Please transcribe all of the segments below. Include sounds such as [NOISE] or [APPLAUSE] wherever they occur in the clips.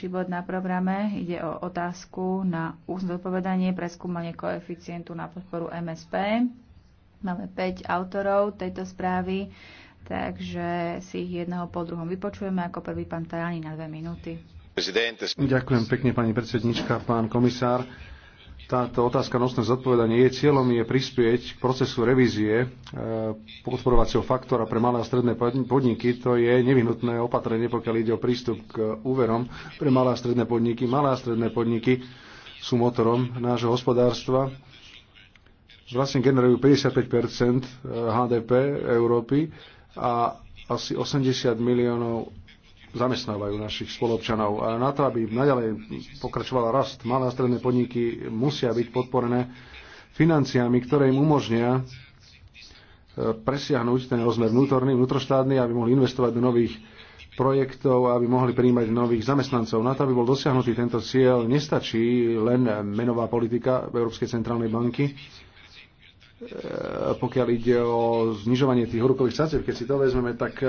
ďalší bod na programe. Ide o otázku na ústne pre skúmanie koeficientu na podporu MSP. Máme 5 autorov tejto správy, takže si ich jedného po druhom vypočujeme. Ako prvý pán Tajani na dve minúty. Ďakujem pekne, pani predsednička, pán komisár. Táto otázka nosné zodpovedanie jej cieľom je prispieť k procesu revízie eh, podporovacieho faktora pre malé a stredné podniky. To je nevyhnutné opatrenie, pokiaľ ide o prístup k úverom pre malé a stredné podniky. Malé a stredné podniky sú motorom nášho hospodárstva. Vlastne generujú 55 eh, HDP Európy a asi 80 miliónov zamestnávajú našich spolobčanov. A na to, aby naďalej pokračovala rast, malé a stredné podniky musia byť podporené financiami, ktoré im umožnia e, presiahnuť ten rozmer vnútorný, vnútroštátny, aby mohli investovať do nových projektov, aby mohli príjmať nových zamestnancov. Na to, aby bol dosiahnutý tento cieľ, nestačí len menová politika Európskej centrálnej banky E, pokiaľ ide o znižovanie tých horúkových sadzieb, keď si to vezmeme, tak e,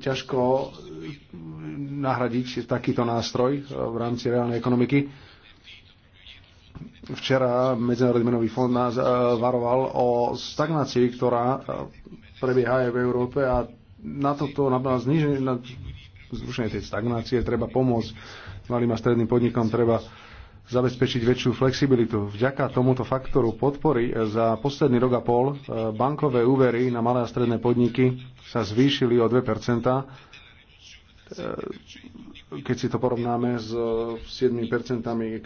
ťažko nahradiť takýto nástroj e, v rámci reálnej ekonomiky. Včera Medzinárodný menový fond nás varoval o stagnácii, ktorá prebieha aj v Európe a na toto, na, zniženie, na zrušenie tej stagnácie treba pomôcť malým a stredným podnikom, treba zabezpečiť väčšiu flexibilitu. Vďaka tomuto faktoru podpory e, za posledný rok a pol e, bankové úvery na malé a stredné podniky sa zvýšili o 2 e, keď si to porovnáme s 7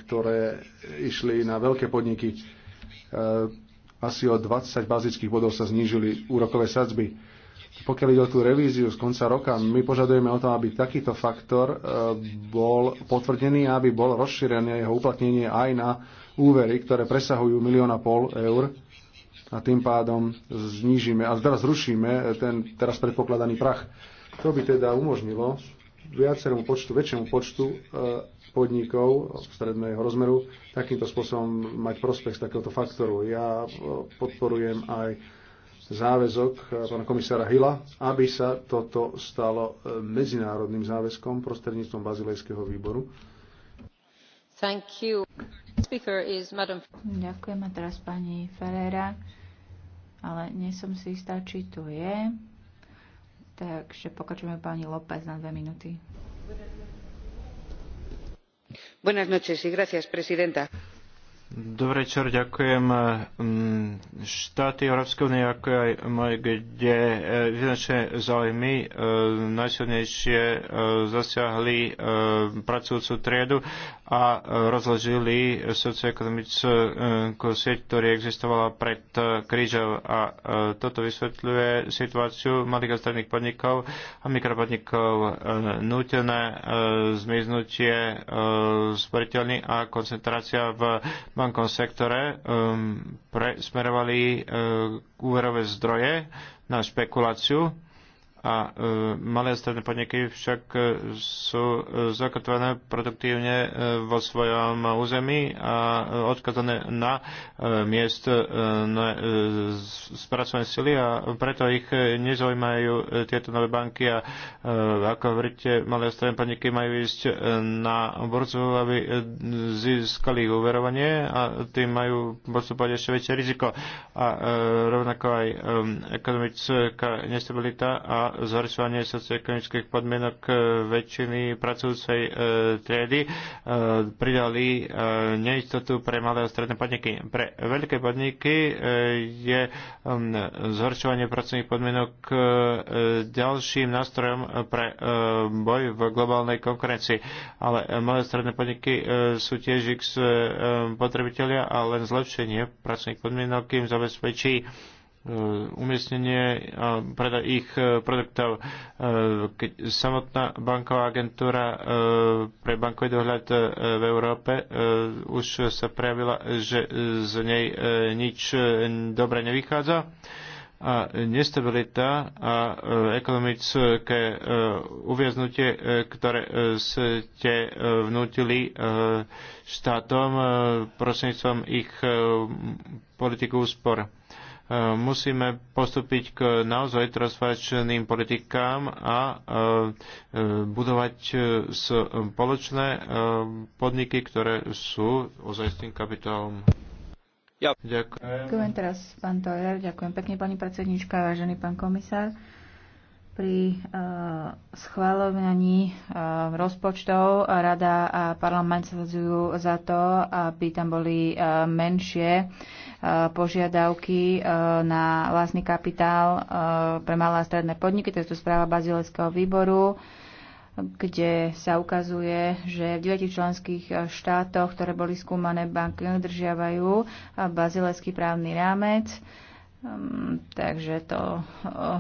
ktoré išli na veľké podniky. Asi o 20 bazických bodov sa znížili úrokové sadzby pokiaľ ide o tú revíziu z konca roka, my požadujeme o to, aby takýto faktor e, bol potvrdený a aby bol rozšírené jeho uplatnenie aj na úvery, ktoré presahujú milióna pol eur a tým pádom znížime a teraz zrušíme ten teraz predpokladaný prach. To by teda umožnilo viacerému počtu, väčšiemu počtu e, podnikov stredného rozmeru takýmto spôsobom mať prospech z takéhoto faktoru. Ja e, podporujem aj záväzok pána komisára Hila, aby sa toto stalo e, medzinárodným záväzkom prostredníctvom Bazilejského výboru. Thank you. Speaker is Madam... Ďakujem a teraz pani Ferreira, ale nie som si istá, či tu je. Takže pokračujeme pani López na dve minúty. Buenas noches y gracias, presidenta. Dobre čo ďakujem. Eh, štáty Európskej únie, ako aj moje, kde eh, vyznačené záujmy eh, najsilnejšie zasiahli pracujúcu triedu a rozložili socioekonomickú sieť, ktorá existovala pred krížou. A toto vysvetľuje situáciu malých a stredných podnikov a mikropodnikov. Nútené zmiznutie sporiteľní a koncentrácia v bankách bankovom sektore um, uh, úverové zdroje na špekuláciu a e, malé a stredné podniky však e, sú e, zakotvené produktívne vo svojom území a odkazané na miest na spracovanej sily a preto ich nezaujímajú tieto nové banky a ako hovoríte, malé a stredné podniky majú ísť na burzu, aby získali uverovanie a tým majú postupovať ešte väčšie riziko. A rovnako aj ekonomická nestabilita a zhoršovanie socioekonomických podmienok e, väčšiny pracujúcej e, triedy e, pridali neistotu pre malé a stredné podniky. Pre veľké podniky je um, zhoršovanie pracovných podmienok ďalším nástrojom pre boj v globálnej konkurencii. Ale malé a stredné podniky sú tiež ich um, potrebitelia, a len zlepšenie pracovných podmienok im zabezpečí Eh, umiestnenie a eh, predaj ich eh, produktov. Keď samotná banková agentúra pre bankový dohľad v Európe už sa prejavila, že z nej nič dobre nevychádza a nestabilita a ekonomické uviaznutie, ktoré ste vnútili štátom prostredníctvom ich politiku úspor musíme postúpiť k naozaj transformačným politikám a e, e, budovať e, spoločné podniky, ktoré sú ozajstným kapitálom. Ja. Ďakujem. Ďakujem teraz, pán Tojer. Ďakujem pekne, pani predsednička, vážený pán komisár pri e, schváľovaní e, rozpočtov rada a parlament zvedzujú za to, aby tam boli e, menšie požiadavky na vlastný kapitál pre malé a stredné podniky. To je tu správa Bazileckého výboru kde sa ukazuje, že v 9 členských štátoch, ktoré boli skúmané, banky nedržiavajú bazilecký právny rámec. Ehm, takže to eh,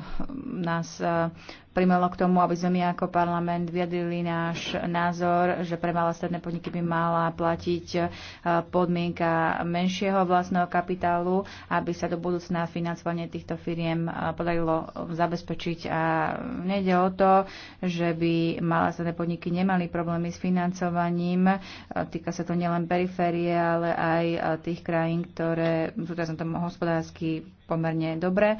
nás eh, primelo k tomu, aby sme my ako parlament vyjadrili náš názor, že pre malé stredné podniky by mala platiť e, podmienka menšieho vlastného kapitálu, aby sa do budúcna financovanie týchto firiem e, podarilo zabezpečiť. A nejde o to, že by malé stredné podniky nemali problémy s financovaním. E, týka sa to nielen periférie, ale aj tých krajín, ktoré sú teraz na tom hospodársky pomerne dobre,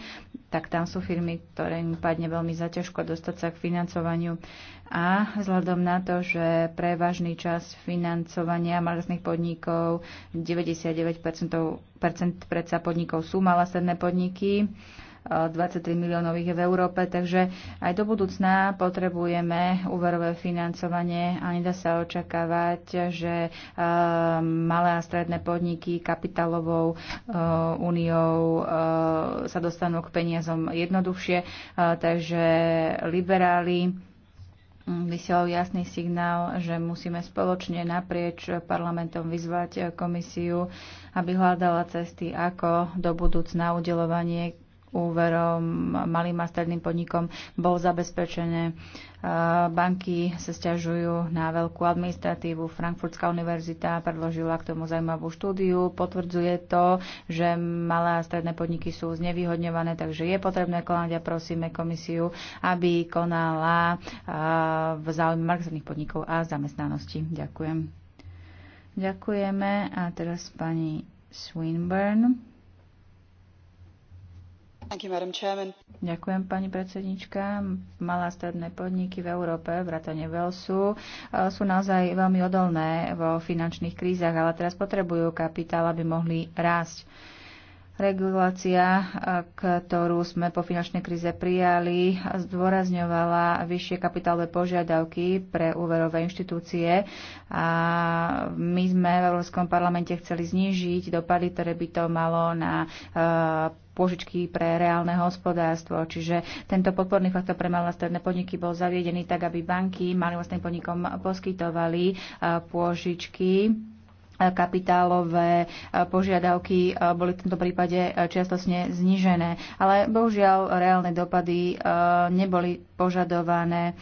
tak tam sú firmy, ktoré im padne veľmi zaťažko dostať sa k financovaniu. A vzhľadom na to, že prevažný čas financovania malostných podnikov, 99% predsa podnikov sú malostné podniky, 23 miliónových v Európe, takže aj do budúcna potrebujeme úverové financovanie a nedá sa očakávať, že eh, malé a stredné podniky kapitálovou eh, úniou eh, sa dostanú k peniazom jednoduchšie, takže liberáli hm, vysielajú jasný signál, že musíme spoločne naprieč parlamentom vyzvať komisiu, aby hľadala cesty, ako do budúcna udelovanie úverom malým a stredným podnikom bol zabezpečené. Banky sa stiažujú na veľkú administratívu. Frankfurtská univerzita predložila k tomu zaujímavú štúdiu. Potvrdzuje to, že malé a stredné podniky sú znevýhodňované, takže je potrebné konať a prosíme komisiu, aby konala v záujme marxovných podnikov a zamestnanosti. Ďakujem. Ďakujeme. A teraz pani Swinburne. Ďakujem, pani predsednička. Malé a stredné podniky v Európe, vrátane Velsu, e, sú naozaj veľmi odolné vo finančných krízach, ale teraz potrebujú kapitál, aby mohli rásť. Regulácia, ktorú sme po finančnej kríze prijali, zdôrazňovala vyššie kapitálové požiadavky pre úverové inštitúcie a my sme v Európskom parlamente chceli znížiť dopady, ktoré by to malo na e, pôžičky pre reálne hospodárstvo. Čiže tento podporný faktor pre malé a stredné podniky bol zaviedený tak, aby banky malým vlastným podnikom poskytovali e, pôžičky kapitálové e, požiadavky e, boli v tomto prípade e, čiastočne znižené. Ale bohužiaľ reálne dopady neboli požadované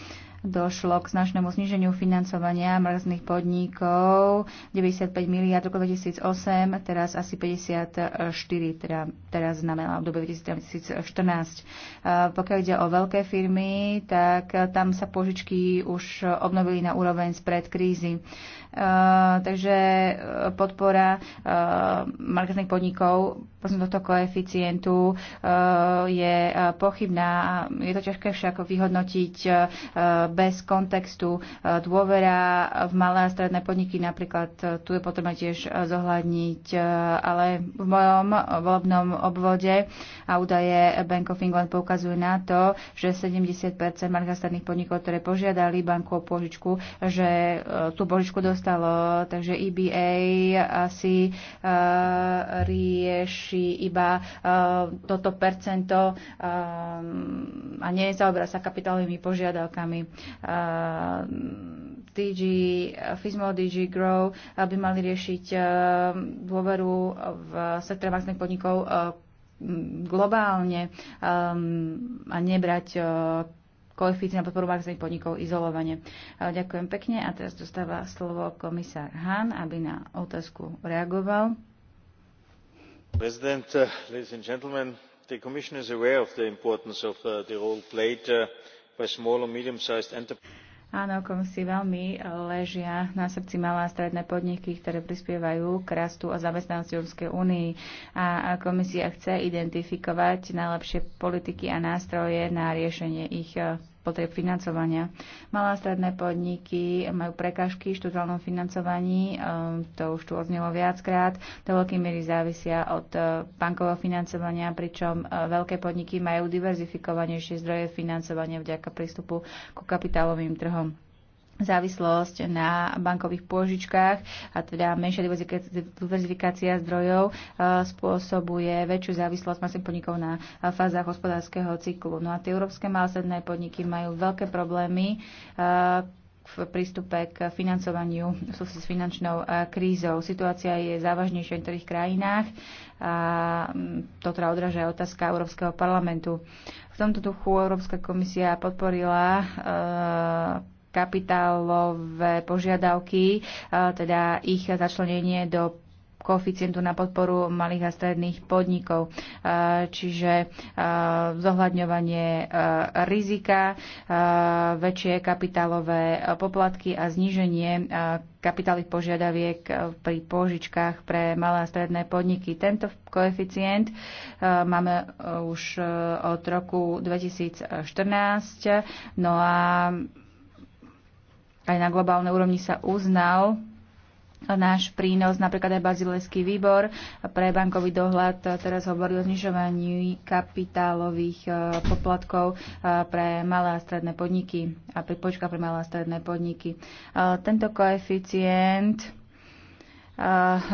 došlo k značnému zniženiu financovania mrzných podnikov 95 miliard roku 2008, teraz asi 54, teda, teraz znamená dobe 2014. Pokiaľ ide o veľké firmy, tak tam sa požičky už obnovili na úroveň spred krízy. Eh, takže eh, podpora eh, marketných podnikov tohto koeficientu je pochybná. Je to ťažké však vyhodnotiť bez kontextu dôvera v malé a stredné podniky. Napríklad tu je potrebné tiež zohľadniť, ale v mojom volebnom obvode a údaje Bank of England poukazujú na to, že 70% malých a stredných podnikov, ktoré požiadali banku o požičku, že tú požičku dostali nestalo. Takže EBA asi e, rieši iba e, toto percento e, a nezaoberá sa kapitálovými požiadavkami. DG Fismo, DG Grow by mali riešiť dôveru v sektore bankových podnikov globálne a nebrať koeficient na podporu malých podnikov izolovane. Ďakujem pekne a teraz dostáva slovo komisár Hahn, aby na otázku reagoval. President, uh, ladies and gentlemen, the Commission is aware of the importance of uh, the role played uh, by small and medium-sized enterprises. Áno, si veľmi eh, ležia na srdci malé a stredné podniky, ktoré prispievajú k rastu a zamestnanosti Európskej únii. A komisia chce identifikovať najlepšie politiky a nástroje na riešenie ich eh, potrieb financovania. Malá a stredné podniky majú prekážky v študálnom financovaní, um, to už tu odznelo viackrát, do veľkej miery závisia od uh, bankového financovania, pričom uh, veľké podniky majú diverzifikovanejšie zdroje financovania vďaka prístupu ku kapitálovým trhom závislosť na bankových pôžičkách a teda menšia diverzifikácia zdrojov eh, spôsobuje väčšiu závislosť masných podnikov na eh, fázach hospodárskeho cyklu. No a tie európske malosedné podniky majú veľké problémy eh, v prístupe k financovaniu v súvislosti s finančnou krízou. Situácia je závažnejšia v niektorých krajinách a mm, to teda odražia otázka Európskeho parlamentu. V tomto duchu Európska komisia podporila kapitálové požiadavky, e, teda ich začlenenie do koeficientu na podporu malých a stredných podnikov, e, čiže e, zohľadňovanie rizika, väčšie kapitálové poplatky a zníženie kapitálových požiadaviek pri požičkách pre malé a stredné podniky. Tento koeficient máme už od roku 2014, no a aj na globálnej úrovni sa uznal náš prínos, napríklad aj Bazilejský výbor pre bankový dohľad teraz hovorí o znižovaní kapitálových e, poplatkov e, pre malé a stredné podniky a pripočka pre malé a stredné podniky. E, tento koeficient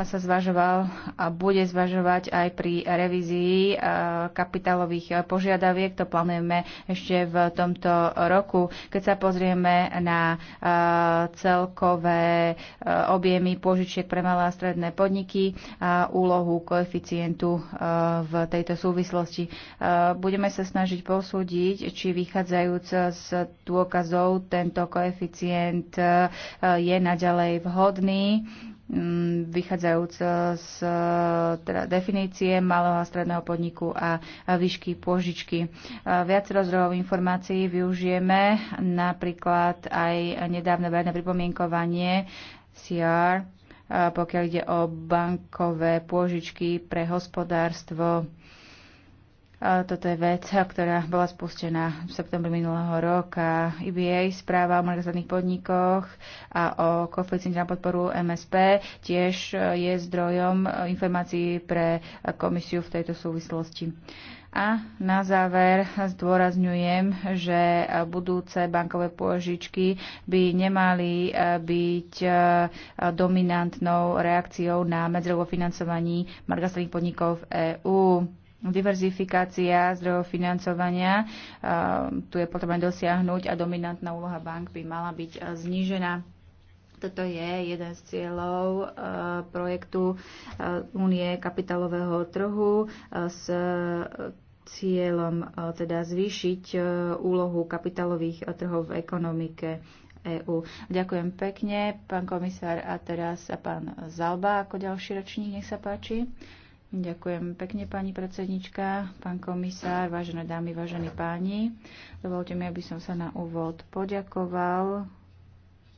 sa zvažoval a bude zvažovať aj pri revízii kapitálových požiadaviek. To plánujeme ešte v tomto roku. Keď sa pozrieme na celkové objemy požičiek pre malé a stredné podniky a úlohu koeficientu v tejto súvislosti. Budeme sa snažiť posúdiť, či vychádzajúc z dôkazov tento koeficient je naďalej vhodný Mm, vychádzajúc e, z e, teda definície malého a stredného podniku a výšky pôžičky. E, Viacero rozdrojov informácií využijeme, napríklad aj nedávne verejné pripomienkovanie CR, pokiaľ ide o bankové pôžičky pre hospodárstvo toto je vec, ktorá bola spustená v septembri minulého roka. IBA e správa o malých podnikoch a o koeficiente na podporu MSP tiež e, je zdrojom e, informácií pre komisiu v tejto súvislosti. A na záver zdôrazňujem, že budúce bankové pôžičky by nemali byť dominantnou reakciou na medzrovo financovaní margastrých podnikov v EÚ diverzifikácia zdrojov financovania. Tu je potrebné dosiahnuť a dominantná úloha bank by mala byť znížená. Toto je jeden z cieľov projektu Únie kapitálového trhu s cieľom teda zvýšiť úlohu kapitálových trhov v ekonomike EÚ. Ďakujem pekne, pán komisár. A teraz a pán Zalba ako ďalší ročník, nech sa páči. Ďakujem pekne, pani predsednička, pán komisár, vážené dámy, vážení páni. Dovolte mi, aby som sa na úvod poďakoval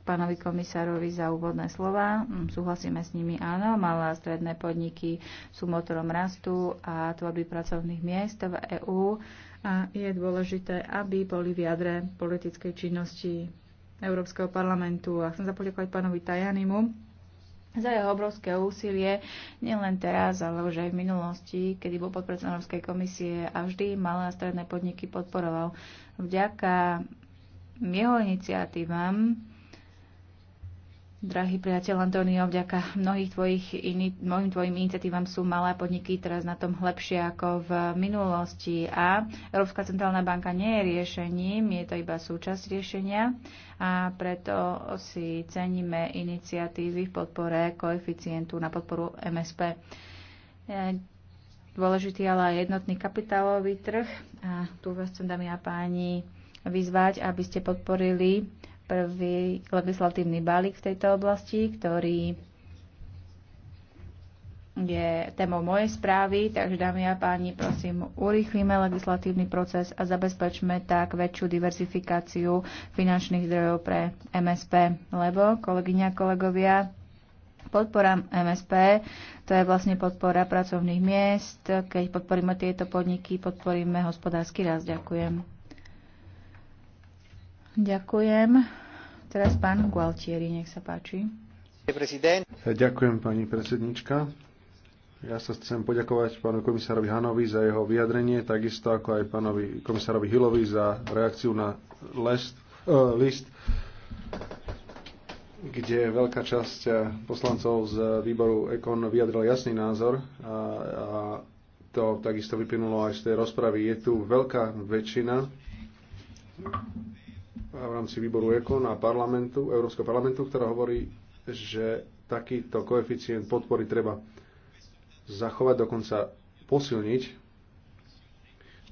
pánovi komisárovi za úvodné slova. Mm, súhlasíme s nimi, áno, malé a stredné podniky sú motorom rastu a tvorby pracovných miest v EÚ a je dôležité, aby boli v jadre politickej činnosti Európskeho parlamentu. A chcem sa poďakovať pánovi Tajanimu, za jeho obrovské úsilie, nielen teraz, ale už aj v minulosti, kedy bol podpredsedom Európskej komisie a vždy malé a stredné podniky podporoval. Vďaka jeho iniciatívam Drahý priateľ Antonio, vďaka mnohých tvojich ini, mnohým tvojim iniciatívam sú malé podniky teraz na tom lepšie ako v minulosti a Európska centrálna banka nie je riešením, je to iba súčasť riešenia a preto si ceníme iniciatívy v podpore koeficientu na podporu MSP. E, dôležitý ale aj jednotný kapitálový trh a tu vás chcem, dámy a páni, vyzvať, aby ste podporili prvý legislatívny balík v tejto oblasti, ktorý je témou mojej správy, takže dámy a páni, prosím, urýchlíme legislatívny proces a zabezpečme tak väčšiu diversifikáciu finančných zdrojov pre MSP, lebo, kolegyňa, kolegovia, podpora MSP, to je vlastne podpora pracovných miest. Keď podporíme tieto podniky, podporíme hospodársky rast. Ďakujem. Ďakujem. Teraz pán Gualtieri, nech sa páči. Ďakujem, pani predsednička. Ja sa chcem poďakovať pánu komisárovi Hanovi za jeho vyjadrenie, takisto ako aj pánovi komisárovi Hillovi za reakciu na list, uh, eh, list kde veľká časť poslancov z výboru EKON vyjadrila jasný názor a, a to takisto vyplynulo aj z tej rozpravy. Je tu veľká väčšina v rámci výboru EKON a parlamentu, Európskeho parlamentu, ktorá hovorí, že takýto koeficient podpory treba zachovať, dokonca posilniť.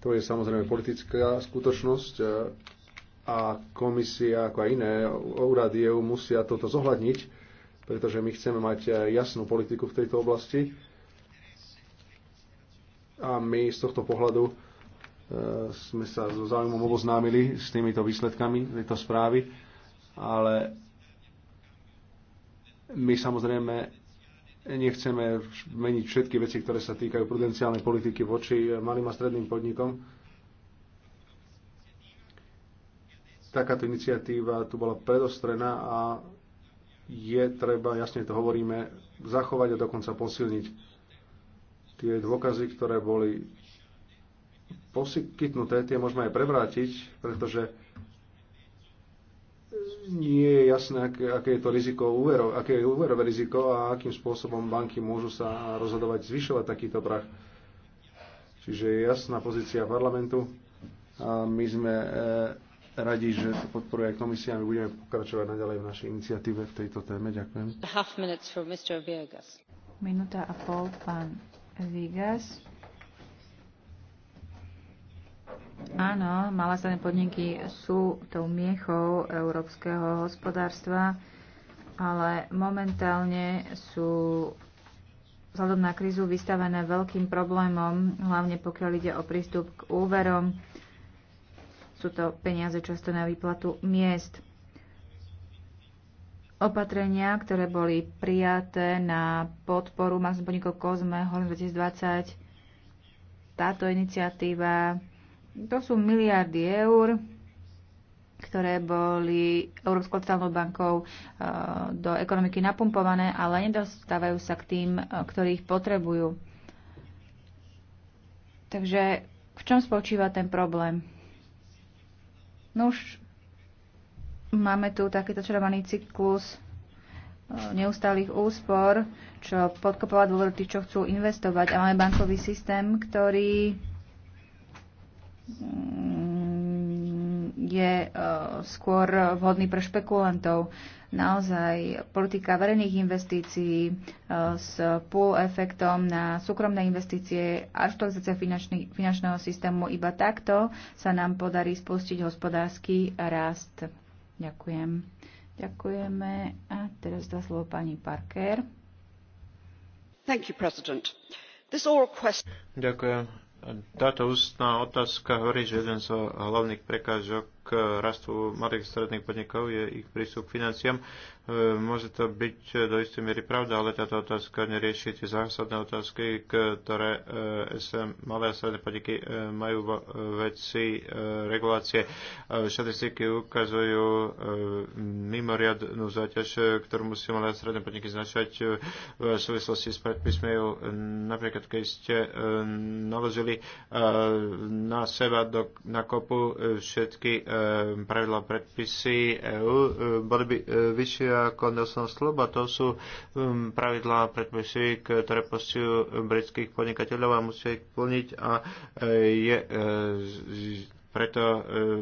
To je samozrejme politická skutočnosť e, a komisia, ako aj iné úrady EU musia toto zohľadniť, pretože my chceme mať e, jasnú politiku v tejto oblasti. A my z tohto pohľadu E, sme sa so záujmom oboznámili s týmito výsledkami tejto správy, ale my samozrejme nechceme meniť všetky veci, ktoré sa týkajú prudenciálnej politiky voči malým a stredným podnikom. Takáto iniciatíva tu bola predostrená a je treba, jasne to hovoríme, zachovať a dokonca posilniť. Tie dôkazy, ktoré boli poskytnuté, tie môžeme aj prevrátiť, pretože nie je jasné, aké, je to riziko úverov, aké je úverové riziko a akým spôsobom banky môžu sa rozhodovať zvyšovať takýto prach. Čiže je jasná pozícia parlamentu a my sme e, radi, že to podporuje aj komisia a my budeme pokračovať naďalej v našej iniciatíve v tejto téme. Ďakujem. Minúta a pol, pán Vigas. Áno, malé stredné podniky sú tou miechou európskeho hospodárstva, ale momentálne sú vzhľadom na krízu vystavené veľkým problémom, hlavne pokiaľ ide o prístup k úverom. Sú to peniaze často na výplatu miest. Opatrenia, ktoré boli prijaté na podporu Maxim podnikov Kozme Horizon 2020, táto iniciatíva to sú miliardy eur, ktoré boli Európskou centrálnou bankou eh, do ekonomiky napumpované, ale nedostávajú sa k tým, eh, ktorí ich potrebujú. Takže v čom spočíva ten problém? No už máme tu takýto červený cyklus eh, neustálých úspor, čo podkopovať dôveru tých, čo chcú investovať. A máme bankový systém, ktorý Mm, je e, skôr vhodný pre špekulantov. Naozaj politika verejných investícií e, s pôl efektom na súkromné investície a štualizácia finančného systému iba takto sa nám podarí spustiť hospodársky rast. Ďakujem. Ďakujeme. A teraz dá slovo pani Parker. Thank you, President. This oral question... Ďakujem táto ústná otázka hovorí, že jeden z hlavných prekážok k rastu malých stredných podnikov je ich prístup k financiám. E, môže to byť do istej miery pravda, ale táto otázka nerieši tie zásadné otázky, ktoré e, SM, malé a stredné podniky e, majú veci regulácie. Štatistiky ukazujú mimoriadnú záťaž, ktorú musí malé a stredné podniky značať v súvislosti s predpismi. Napríklad, keď ste naložili na seba do, na kopu všetky E, pravidla predpisy EU e, boli by e, vyššie ako Nelson Slub a to sú um, pravidla predpisy, ktoré postihujú britských podnikateľov a musia ich plniť a je preto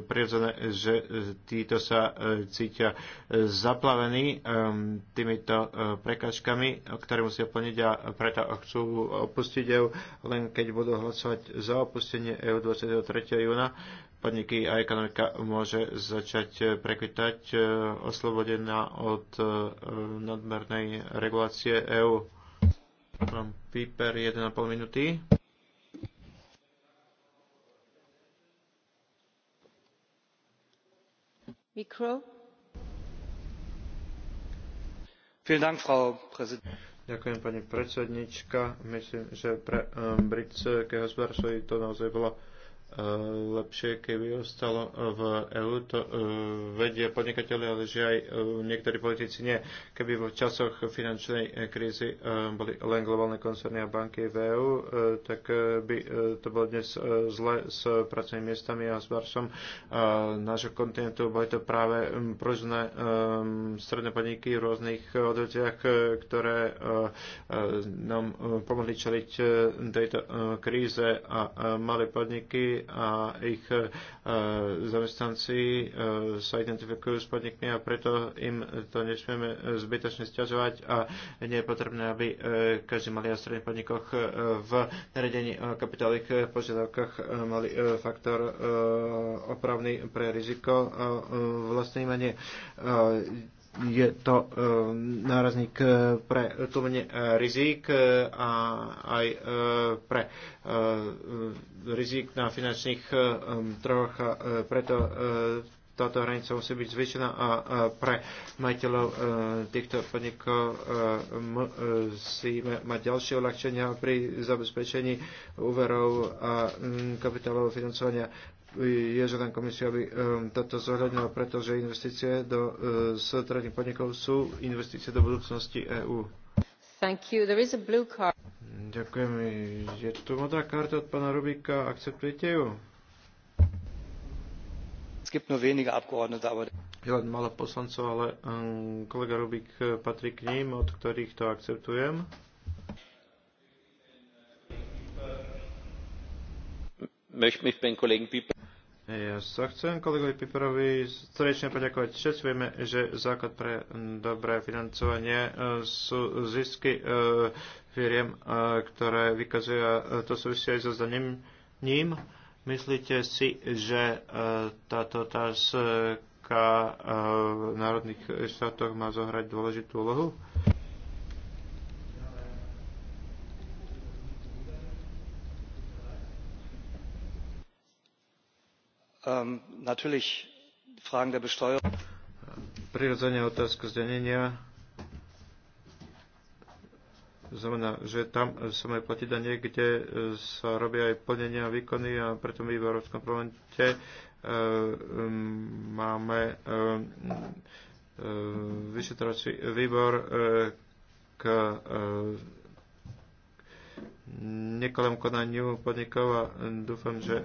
prirodzené, že títo sa cítia zaplavení um, týmito prekážkami, ktoré musia plniť a preto chcú opustiť EU, len keď budú hlasovať za opustenie EU 23. júna podniky a ekonomika môže začať eh, prekvitať eh, oslobodená od eh, nadmernej regulácie EÚ. Pán Piper, 1,5 minúty. Mikro. Dank, Frau Präsidentin. Ďakujem, pani predsednička. Myslím, že pre um, britské hospodárstvo to naozaj bolo E, lepšie, keby ostalo v EÚ. To e, vedie podnikateľi, ale že aj e, niektorí politici nie. Keby v časoch finančnej krízy boli len globálne koncerny a banky v EÚ, tak by to bolo dnes zle s pracovnými miestami a s uh, nášho kontinentu. Boli to práve pružné stredné podniky v rôznych uh, ktoré nám pomohli čeliť tejto kríze a malé podniky a ich e, zamestnanci e, sa identifikujú s podnikmi a preto im to nesmieme zbytočne stiažovať a nie je potrebné, aby e, každý malý a stredný podnikoch v naredení o kapitálových požiadavkách mali faktor opravný pre riziko vlastné imenie je to e, nárazník e, pre tlmenie e, rizik a aj pre rizik na finančných trhoch. Preto táto hranica musí byť zvýšená a pre majiteľov týchto podnikov m si mať ďalšie uľahčenia pri zabezpečení úverov a kapitálového financovania je žiadan komisia, aby ehm, toto zohľadnila, pretože investície do stredných eh, podnikov sú investície do budúcnosti EÚ. Ďakujem. Je tu modrá karta od pána Rubika. Akceptujete ju? Es gibt nur wenige Abgeordnete, aber... Je len malo poslancov, ale um, kolega Rubik eh, patrí k ním, od ktorých to akceptujem. Möchte mich beim Kollegen Pieper ja sa chcem kolegovi Piperovi srdečne poďakovať. Všetci vieme, že základ pre dobré financovanie e, sú zisky e, firiem, e, ktoré vykazujú, to súvisí aj so zdaním ním. Myslíte si, že táto otázka v národných štátoch má zohrať dôležitú úlohu? Ähm, natürlich Fragen der Besteuerung. Prirodzene otázka zdanenia znamená, že tam sa majú platiť dane, kde e, sa robia aj plnenia a výkony a preto my v Európskom parlamente e, máme e, vyšetrovací výbor k nekalému konaniu podnikov a dúfam, že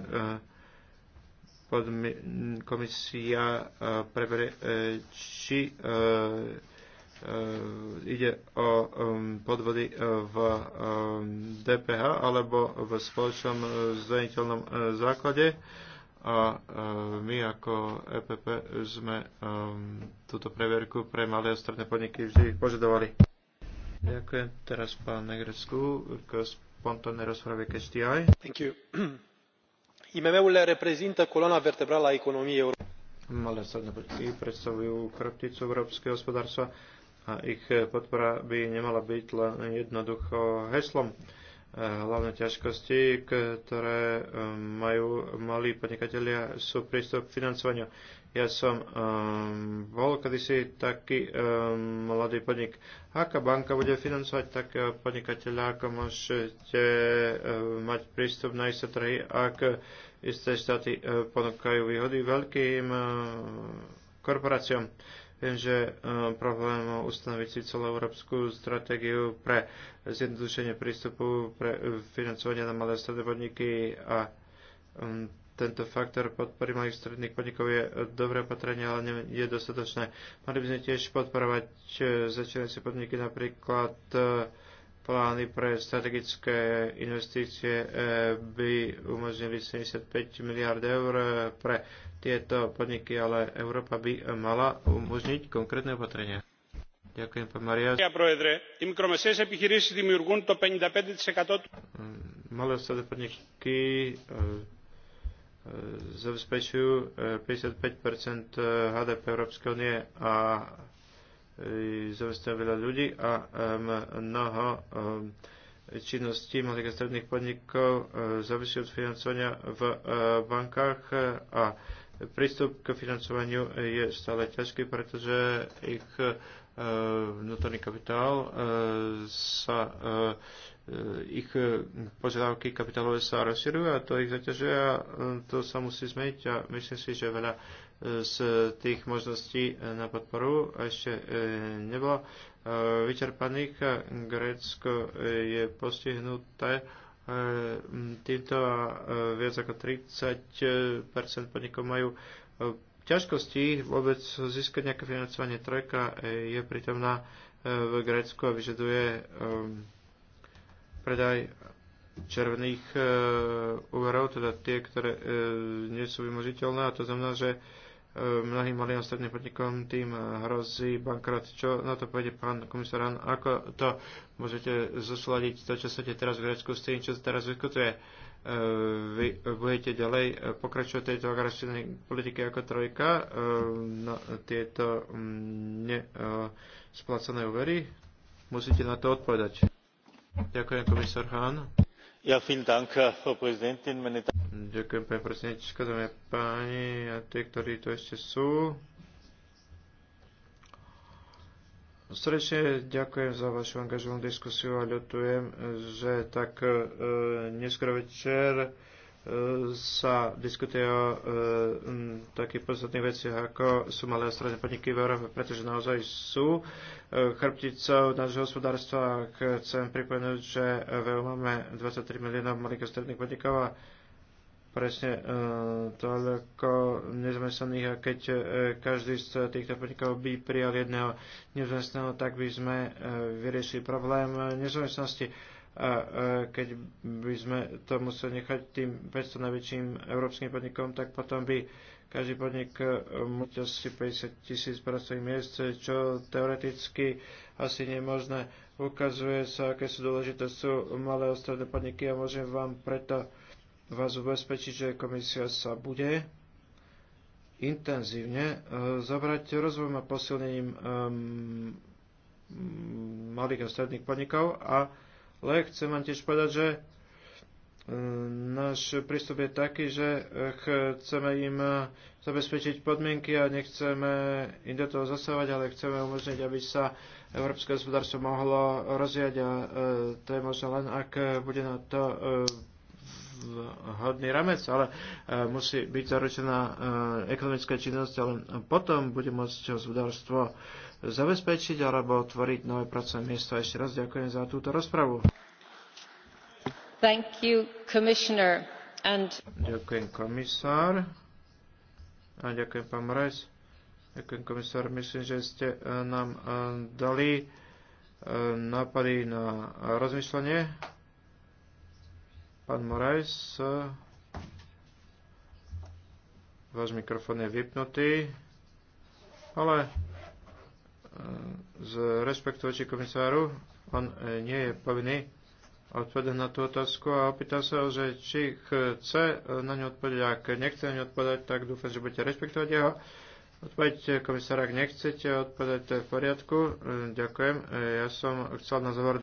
komisia e, prebere, e, či e, ide o um, podvody v um, DPH alebo v spoločnom zdaniteľnom základe. A my ako EPP sme um, túto preverku pre malé a stredné podniky vždy požadovali. Ďakujem teraz pán Negresku k spontánnej rozprave KSTI. Thank you. [CLEARS THROAT] imm urile reprezintă coloana vertebrală a economiei europene. predstavujú hospodárstva a ich podpora by nemala byť len jednoducho heslom Eh, hlavné ťažkosti, ktoré eh, majú malí podnikatelia, sú prístup k financovaniu. Ja som um, bol kedysi taký um, mladý podnik. Aká banka bude financovať takého podnikateľa, ako môžete um, mať prístup na isté trhy, ak isté štáty um, ponúkajú výhody veľkým um, korporáciám? Viem, že e, problém ustanoviť si celú európsku stratégiu pre zjednodušenie prístupu pre e, financovanie na malé stredné podniky a tento faktor podpory malých stredných podnikov je dobré opatrenie, ale nie je dostatočné. Mali by sme tiež podporovať e, začínajúce podniky, napríklad plány pre strategické investície eh, by umožnili 75 miliard eur eh, pre tieto podniky, ale Európa by eh, mala umožniť konkrétne opatrenia. Ďakujem, pán Maria. Mm, malé ostatné podniky zabezpečujú 55 HDP Európskej únie a zamestná ľudí a mnoho činností malých a stredných podnikov e, závisí od financovania v e, bankách e, a prístup k financovaniu je stále ťažký, pretože ich E, vnútorný kapitál e, sa e, ich požiadavky kapitálové sa rozširujú a to ich zaťažuje a to sa musí zmeniť a myslím si, že veľa z tých možností na podporu ešte nebolo vyčerpaných. Grécko je postihnuté týmto a viac ako 30 podnikov majú ťažkosti vôbec získať nejaké financovanie trojka e, je pritomná e, v Grécku a vyžaduje e, predaj červených úverov, teda tie, ktoré nie sú vymožiteľné a to znamená, že mnohým malým ostatným podnikom tým hrozí bankrot. Čo na to povede pán komisár Ako to môžete zosladiť, to, čo sa teraz v Grécku, s tým, čo sa teraz vyskutuje vy budete ďalej eh, pokračovať tejto agresívnej politike ako trojka eh, na tieto mm, nesplacené eh, úvery? Musíte na to odpovedať. Ďakujem, komisár Hahn. Ja, vielen Dank, Frau Präsidentin, meine Damen. Ďakujem, pani predsednička, dámy a páni, a tie, ktorí tu ešte sú. Srdečne ďakujem za vašu angažovanú diskusiu a ľutujem, že tak e, neskoro večer e, sa diskutuje o e, m, takých podstatných veciach, ako sú malé a stredné podniky v Európe, pretože naozaj sú e, chrbticou nášho hospodárstva. Chcem pripomenúť, že v EU máme 23 miliónov malých a stredných podnikov a presne e, toľko nezamestnaných a keď e, každý z týchto podnikov by prijal jedného nezamestnaného, tak by sme e, vyriešili problém nezamestnanosti. A keď by sme to museli nechať tým 500 najväčším európskym podnikom, tak potom by každý podnik musí asi 50 tisíc pracovných miest, čo teoreticky asi nie je možné. Ukazuje sa, aké sú dôležité sú malé a podniky a môžem vám preto uh, vás ubezpečiť, že komisia sa bude intenzívne e, zabrať rozvojom a posilnením malých a stredných podnikov, ale chcem vám tiež povedať, že e, náš prístup je taký, že chceme im e, zabezpečiť podmienky a nechceme im do toho zasávať, ale chceme umožniť, aby sa európske hospodárstvo mohlo rozvíjať a to je možno len, ak bude na to hodný ramec, ale e, musí byť zaručená e, ekonomická činnosť, ale potom bude môcť hospodárstvo zabezpečiť alebo otvoriť nové pracovné miesto. Ešte raz ďakujem za túto rozpravu. Thank you, Commissioner. And... Ďakujem, komisár. A ďakujem, pán Mrez. Ďakujem, komisár. Myslím, že ste e, nám dali nápady na rozmýšľanie Pán Morais, váš mikrofón je vypnutý, ale eh, z respektu komisáru, on eh, nie je povinný odpovedať na tú otázku a opýta sa, že či chce eh, na ňu odpovedať. Ak nechce na ňu odpovedať, tak dúfam, že budete rešpektovať jeho. Odpoveď komisára, ak nechcete odpovedať, to je v poriadku. Ďakujem. Ja som chcel na záver